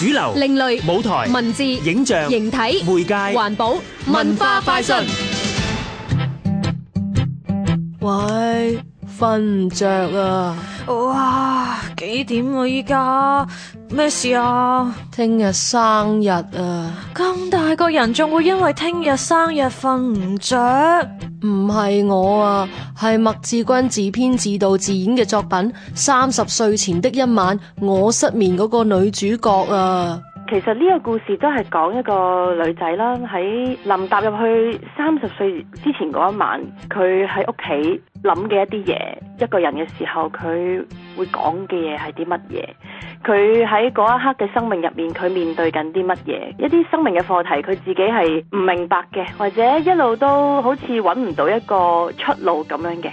主流、另類、舞台、文字、影像、形體、媒介、環保、文化、快訊。瞓唔着啊！哇，幾點啊依家？咩事啊？聽日生日啊！咁大個人仲會因為聽日生日瞓唔着？唔係我啊，係麥志軍自編自導自演嘅作品《三十歲前的一晚》，我失眠嗰個女主角啊！其實呢個故事都係講一個女仔啦，喺臨踏入去三十歲之前嗰一晚，佢喺屋企諗嘅一啲嘢，一個人嘅時候，佢會講嘅嘢係啲乜嘢？佢喺嗰一刻嘅生命入面，佢面對緊啲乜嘢？一啲生命嘅課題，佢自己係唔明白嘅，或者一路都好似揾唔到一個出路咁樣嘅。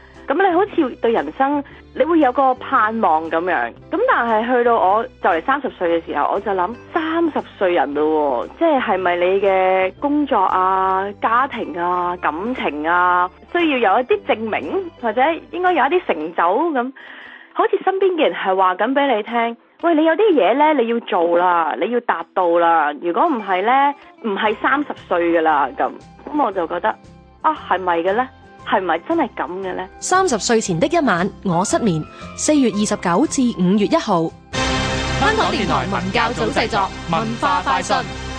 咁你好似對人生你會有個盼望咁樣，咁但係去到我就嚟三十歲嘅時候，我就諗三十歲人嘞，即係係咪你嘅工作啊、家庭啊、感情啊，需要有一啲證明或者應該有一啲成就咁？好似身邊嘅人係話緊俾你聽，喂，你有啲嘢呢你要做啦，你要達到啦，如果唔係呢唔係三十歲噶啦咁，咁我就覺得啊，係咪嘅呢？係咪真係咁嘅咧？三十歲前的一晚，我失眠。四月二十九至五月一號，香港電台文教組製作文化快訊。